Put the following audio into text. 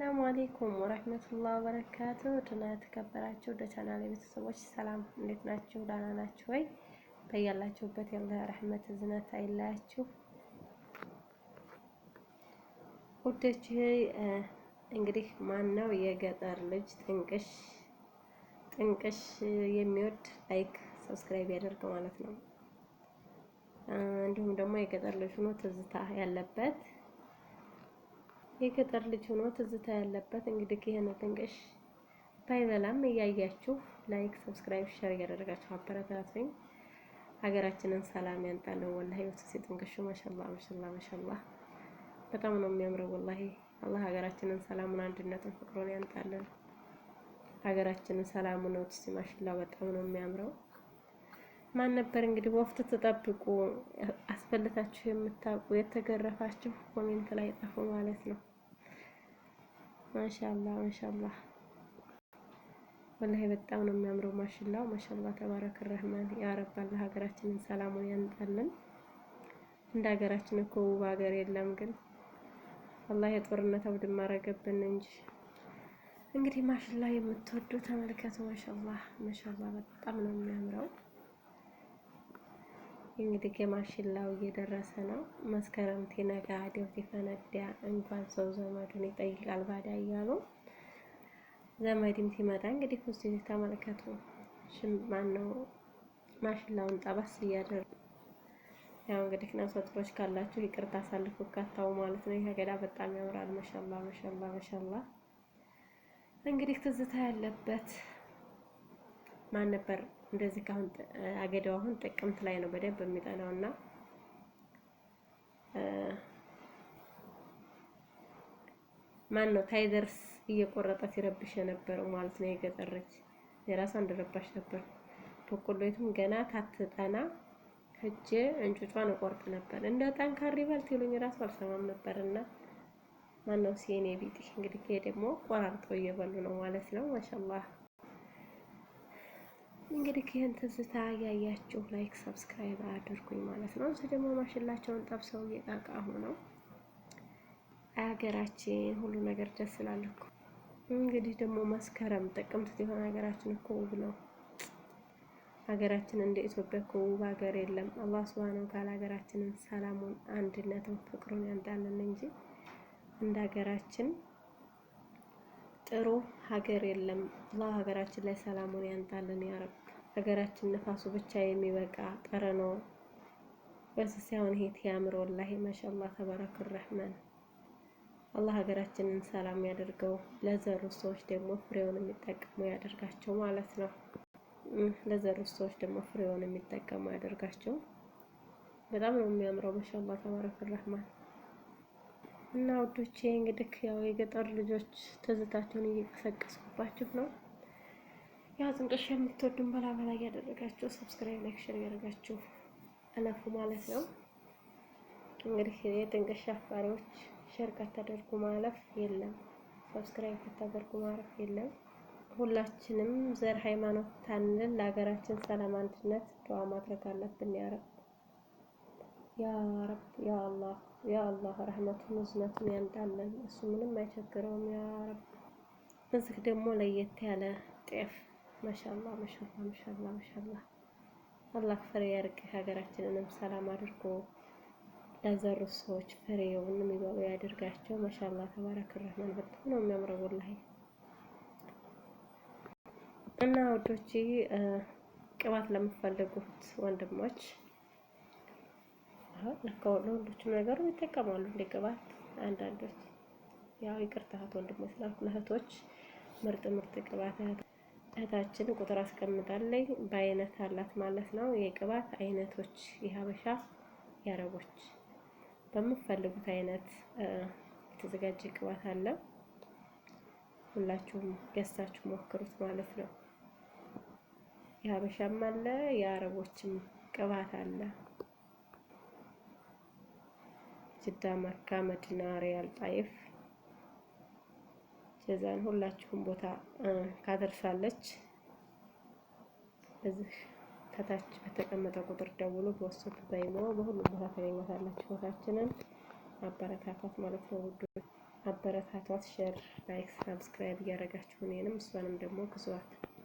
አሰላሙ አሌይኩም ወረህመቱላ በረካቱ ድና የተከበራችሁ ደቻናል ቤተሰቦች ሰላም፣ እንዴት ናችሁ? ደህና ናችሁ ወይ? በያላችሁበት ያለ ረህመት እዝነት አይለያችሁ ውዶች። እንግዲህ ማነው የገጠር ልጅ ጥንቅሽ ጥንቅሽ የሚወድ ላይክ፣ ሰብስክራይብ ያደርግ ማለት ነው። እንዲሁም ደግሞ የገጠር ልጅ ሆኖ ትዝታ ያለበት የገጠር ልጅ ሆኖ ትዝታ ያለበት እንግዲህ ይህን ትንቅሽ ባይበላም እያያችሁ ላይክ፣ ሰብስክራይብ፣ ሸር እያደረጋችሁ አበረታቱኝ። ሀገራችንን ሰላም ያንጣልን። ወላሂ ወስሲ ጥንቅሹ ማሻአላ ማሻአላ ማሻአላ በጣም ነው የሚያምረው ወላሂ። አላህ ሀገራችንን ሰላሙን፣ አንድነትን፣ ፍቅሩን ያንጣልን። ሀገራችንን ሰላሙን ነው ወስሲ ማሻአላ በጣም ነው የሚያምረው። ማን ነበር እንግዲህ ወፍት ተጠብቁ አስፈልታችሁ የምታውቁ የተገረፋችሁ ኮሜንት ላይ ጻፉ ማለት ነው። ማሻላ ማሻላ ወላሂ በጣም ነው የሚያምረው። ማሽላው ማሻላ ተባረከ ረህማን ያ ረብ ሀገራችንን ሰላሙን ያንጣልን። እንደ ሀገራችን እኮ ውብ ሀገር የለም፣ ግን አላህ የጦርነት አውድ ማረገብን እንጂ። እንግዲህ ማሽላ የምትወዱ ተመልከቱ። ማሻላ ማሻላ በጣም ነው የሚያምረው። እንግዲህ የማሽላው እየደረሰ ነው። መስከረም ቲነጋ አደብ ቲፈነዳ እንኳን ሰው ዘመዱን ይጠይቃል ባዳ እያሉ ዘመድም ሲመጣ እንግዲህ ኩስ ተመልከቱ። ሽማን ነው ማሽላውን ጠባስ እያደረገ ያው እንግዲህ ነፍሰ ጡሮች ካላችሁ ይቅርታ አሳልፉ ካታው ማለት ነው። ይሄ ገዳ በጣም ያምራል። ማሻላ ማሻላ ማሻላ። እንግዲህ ትዝታ ያለበት ማን ነበር? እንደዚህ ካሁን አገዳው አሁን ጥቅምት ላይ ነው በደንብ እና ማን ነው ታይደርስ እየቆረጠ ሲረብሽ የነበረው ማለት ነው። የገጠረች የራሷ እንደረባሽ ነበር። በቆሎይቱም ገና ታትጠና እጄ እንጭጯን እቆርጥ ነበር። እንደ ጠንካሪ ባል ትሉኝ ራሱ አልሰማም ማን ነው ሲኔ ቢጤ እንግዲህ ደግሞ ቆራርጠው እየበሉ ነው ማለት ነው። ማሻአላህ እንግዲህ ይህን ትዝታ ያያችሁ ላይክ ሰብስክራይብ አድርጉኝ ማለት ነው። እዚህ ደግሞ ማሽላቸውን ጠብሰው እየቃቃሁ ነው። ሀገራችን ሁሉ ነገር ደስ ይላል እኮ። እንግዲህ ደግሞ መስከረም ጥቅምት ሲሆን ሀገራችን እኮ ውብ ነው። ሀገራችን እንደ ኢትዮጵያ እኮ ውብ ሀገር የለም። አላህ ሱብሃነሁ ወተዓላ ሀገራችንን ሰላሙን፣ አንድነትን፣ ፍቅሩን ያንጣልን እንጂ እንደ ሀገራችን ጥሩ ሀገር የለም። አላህ ሀገራችን ላይ ሰላሙን ያንጣልን ያረብ ሀገራችን ነፋሱ ብቻ የሚበቃ ነው። በስስ ሲሆን ይሄ ያምር ወላሂ ማሻአላ ተባረከ ረህማን። አላህ ሀገራችንን ሰላም ያደርገው፣ ለዘሩ ሰዎች ደግሞ ፍሬውን የሚጠቀሙ ያደርጋቸው ማለት ነው። ለዘሩ ሰዎች ደግሞ ፍሬውን የሚጠቀሙ ያደርጋቸው። በጣም ነው የሚያምረው ማሻአላ ተባረከ ረህማን። እና ውዶቼ እንግዲህ ያው የገጠር ልጆች ትዝታቸውን እየቀሰቀስኩባችሁ ነው። አጥንቅሽ የምትወዱን በላ እያደረጋችሁ ሰብስክራይብ፣ ላይክ፣ ሼር እያደረጋችሁ እለፉ ማለት ነው። እንግዲህ የጥንቅሽ አፍቃሪዎች ሼር ካታደርጉ ማለፍ የለም፣ ሰብስክራይብ ካታደርጉ ማለፍ የለም። ሁላችንም ዘር ሃይማኖት ታንልን ለሀገራችን ሰላም፣ አንድነት ተዋ ማድረግ አለብን። ያ ረብ ያ ረብ ያ ያ ረህመቱን እዝነቱን ያንጣለን። እሱ ምንም አይቸግረውም። ያ ረብ እዚህ ደግሞ ለየት ያለ ጤፍ ማሻላ ማሻላ ማሻላ ማሻላ። አላህ ፍሬ ያርግ፣ ሀገራችንንም ሰላም አድርጎ ለዘሩ ሰዎች ፍሬውን የሚበሉ ያድርጋቸው። ማሻላ ተባረክ ረህማን። በጣም ነው የሚያምረው ወላሂ። እና ወዶች ቅባት ለምትፈልጉት ወንድሞች ለካ ለወንዶችም ነገሩ ይጠቀማሉ እንደ ቅባት አንዳንዶች ያው ይቅርታ እህት ወንድሞች ስላልኩ ለእህቶች ምርጥ ምርጥ ቅባት እህታችን ቁጥር አስቀምጣለኝ በአይነት አላት ማለት ነው። የቅባት አይነቶች የሀበሻ የአረቦች በምትፈልጉት አይነት የተዘጋጀ ቅባት አለ። ሁላችሁም ገዝታችሁ ሞክሩት ማለት ነው። የሀበሻም አለ የአረቦችም ቅባት አለ። ጅዳ፣ መካ፣ መዲና፣ ሪያል፣ ጣይፍ ጀዛን ሁላችሁም ቦታ ካደርሳለች። እዚህ ከታች በተቀመጠ ቁጥር ደውሎ በወሰቱ ባይሞ በሁሉም ቦታ ታገኛታላችሁ። ቦታችንን አበረታቷት ማለት ነው ውዱ አበረታቷት። ሼር፣ ላይክ፣ ሳብስክራይብ እያደረጋችሁ እኔንም እሷንም ደግሞ ክሷት።